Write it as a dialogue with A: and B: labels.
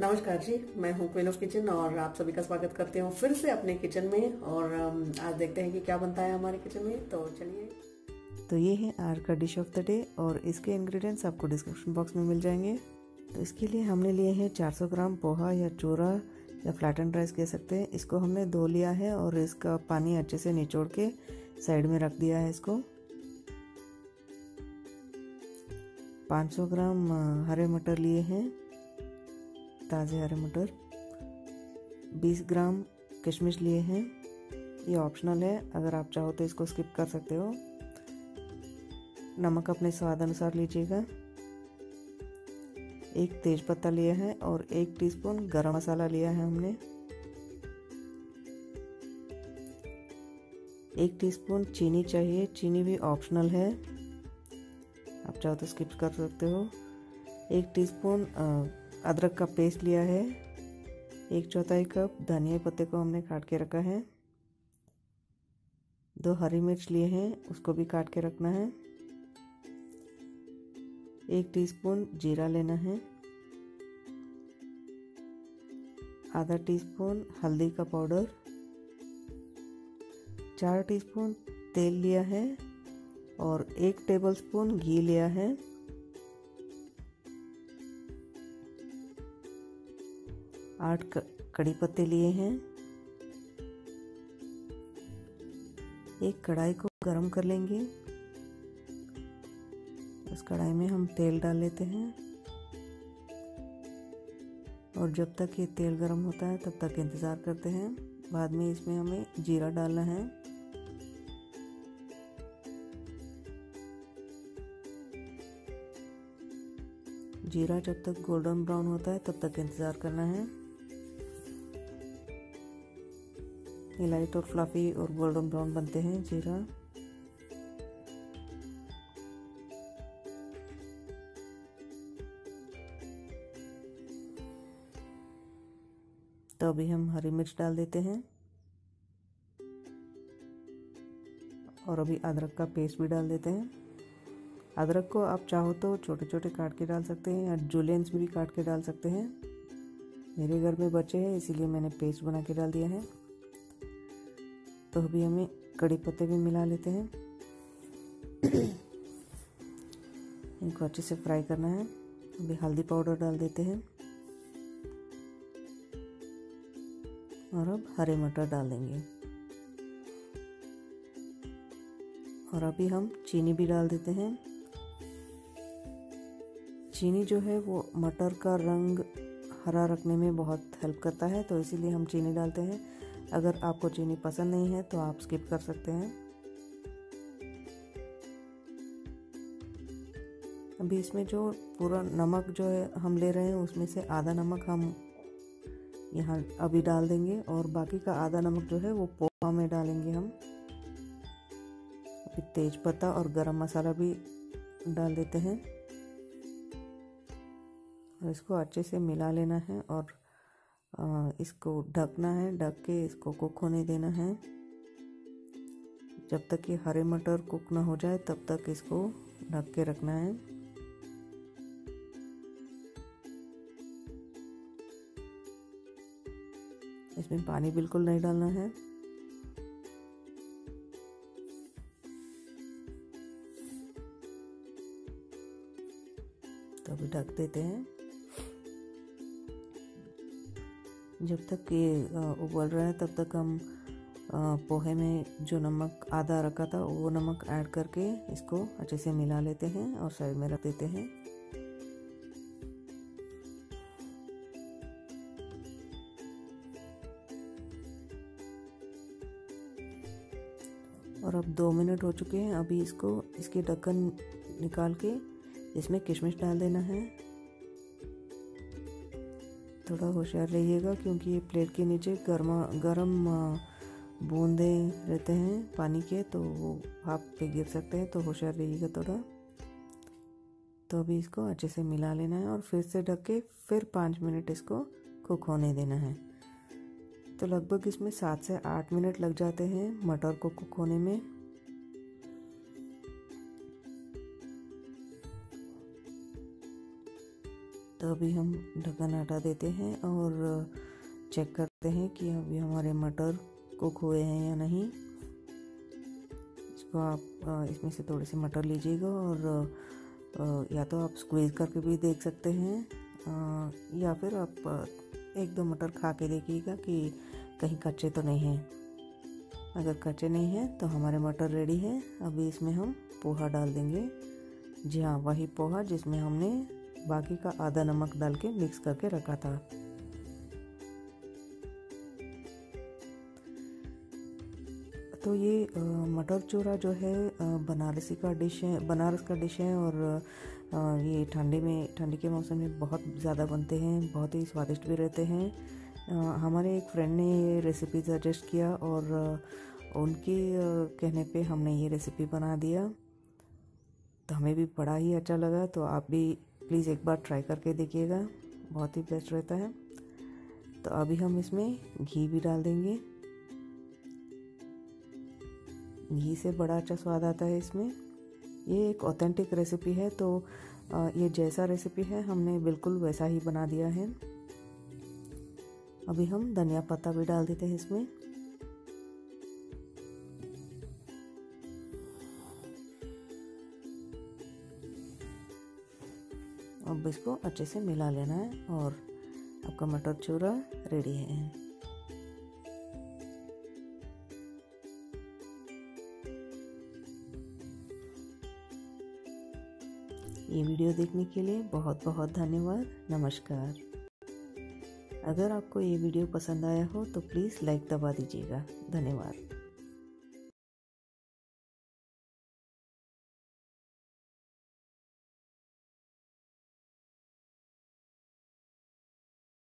A: नमस्कार जी मैं हूँ क्वीन ऑफ किचन और आप सभी का स्वागत करती हूँ फिर से अपने किचन में और um, आज देखते हैं कि क्या बनता है हमारे किचन में तो चलिए तो ये है आर का डिश ऑफ द डे और इसके इंग्रेडिएंट्स आपको डिस्क्रिप्शन बॉक्स में मिल जाएंगे तो इसके लिए हमने लिए हैं 400 ग्राम पोहा या चूरा या फ्लैटन राइस कह सकते हैं इसको हमने धो लिया है और इसका पानी अच्छे से निचोड़ के साइड में रख दिया है इसको 500 ग्राम हरे मटर लिए हैं ताज़े हरे मटर 20 ग्राम किशमिश लिए हैं ये ऑप्शनल है अगर आप चाहो तो इसको स्किप कर सकते हो नमक अपने स्वाद अनुसार लीजिएगा एक तेज पत्ता लिया है और एक टीस्पून गरम मसाला लिया है हमने एक टीस्पून चीनी चाहिए चीनी भी ऑप्शनल है आप चाहो तो स्किप कर सकते हो एक टीस्पून अदरक का पेस्ट लिया है एक चौथाई कप धनिया पत्ते को हमने काट के रखा है दो हरी मिर्च लिए हैं उसको भी काट के रखना है एक टीस्पून जीरा लेना है आधा टीस्पून हल्दी का पाउडर चार टीस्पून तेल लिया है और एक टेबलस्पून घी लिया है आठ कड़ी पत्ते लिए हैं एक कढ़ाई को गरम कर लेंगे उस कढ़ाई में हम तेल डाल लेते हैं और जब तक ये तेल गर्म होता है तब तक इंतज़ार करते हैं बाद में इसमें हमें जीरा डालना है जीरा जब तक गोल्डन ब्राउन होता है तब तक इंतज़ार करना है ये लाइट और फ्लफी और गोल्डन ब्राउन बनते हैं जीरा तो अभी हम हरी मिर्च डाल देते हैं और अभी अदरक का पेस्ट भी डाल देते हैं अदरक को आप चाहो तो छोटे छोटे काट के डाल सकते हैं या जुलेंस भी काट के डाल सकते हैं मेरे घर में बचे हैं इसीलिए मैंने पेस्ट बना के डाल दिया है तो अभी हमें कड़ी पत्ते भी मिला लेते हैं इनको अच्छे से फ्राई करना है अभी हल्दी पाउडर डाल देते हैं और अब हरे मटर डाल देंगे और अभी हम चीनी भी डाल देते हैं चीनी जो है वो मटर का रंग हरा रखने में बहुत हेल्प करता है तो इसीलिए हम चीनी डालते हैं अगर आपको चीनी पसंद नहीं है तो आप स्किप कर सकते हैं अभी इसमें जो पूरा नमक जो है हम ले रहे हैं उसमें से आधा नमक हम यहाँ अभी डाल देंगे और बाकी का आधा नमक जो है वो पोहा में डालेंगे हम अभी तेज पत्ता और गरम मसाला भी डाल देते हैं और इसको अच्छे से मिला लेना है और इसको ढकना है ढक के इसको कुक होने देना है जब तक ये हरे मटर कुक ना हो जाए तब तक इसको ढक के रखना है इसमें पानी बिल्कुल नहीं डालना है तो अभी ढक देते हैं जब तक ये उबल रहा है तब तक हम पोहे में जो नमक आधा रखा था वो नमक ऐड करके इसको अच्छे से मिला लेते हैं और साइड में रख देते हैं और अब दो मिनट हो चुके हैं अभी इसको इसके ढक्कन निकाल के इसमें किशमिश डाल देना है थोड़ा होशियार रहिएगा क्योंकि ये प्लेट के नीचे गर्मा गर्म बूंदे रहते हैं पानी के तो वो आप पे गिर सकते हैं तो होशियार रहिएगा थोड़ा तो अभी इसको अच्छे से मिला लेना है और फिर से ढक के फिर पाँच मिनट इसको कुक होने देना है तो लगभग इसमें सात से आठ मिनट लग जाते हैं मटर को कुक होने में इसका तो भी हम ढक्कन हटा देते हैं और चेक करते हैं कि अभी हमारे मटर कुक हुए हैं या नहीं इसको आप इसमें से थोड़े से मटर लीजिएगा और या तो आप स्क्वीज़ करके भी देख सकते हैं या फिर आप एक दो मटर खा के देखिएगा कि कहीं कच्चे तो नहीं हैं अगर कच्चे नहीं हैं तो हमारे मटर रेडी है अभी इसमें हम पोहा डाल देंगे जी हाँ वही पोहा जिसमें हमने बाकी का आधा नमक डाल के मिक्स करके रखा था तो ये मटर चूरा जो है बनारसी का डिश है बनारस का डिश है और ये ठंडी में ठंडी के मौसम में बहुत ज़्यादा बनते हैं बहुत ही स्वादिष्ट भी रहते हैं हमारे एक फ्रेंड ने ये रेसिपी सजेस्ट किया और उनके कहने पे हमने ये रेसिपी बना दिया तो हमें भी बड़ा ही अच्छा लगा तो आप भी प्लीज़ एक बार ट्राई करके देखिएगा बहुत ही बेस्ट रहता है तो अभी हम इसमें घी भी डाल देंगे घी से बड़ा अच्छा स्वाद आता है इसमें ये एक ऑथेंटिक रेसिपी है तो ये जैसा रेसिपी है हमने बिल्कुल वैसा ही बना दिया है अभी हम धनिया पत्ता भी डाल देते हैं इसमें अब इसको अच्छे से मिला लेना है और आपका मटर चूरा रेडी है ये वीडियो देखने के लिए बहुत बहुत धन्यवाद नमस्कार अगर आपको ये वीडियो पसंद आया हो तो प्लीज़ लाइक दबा दीजिएगा धन्यवाद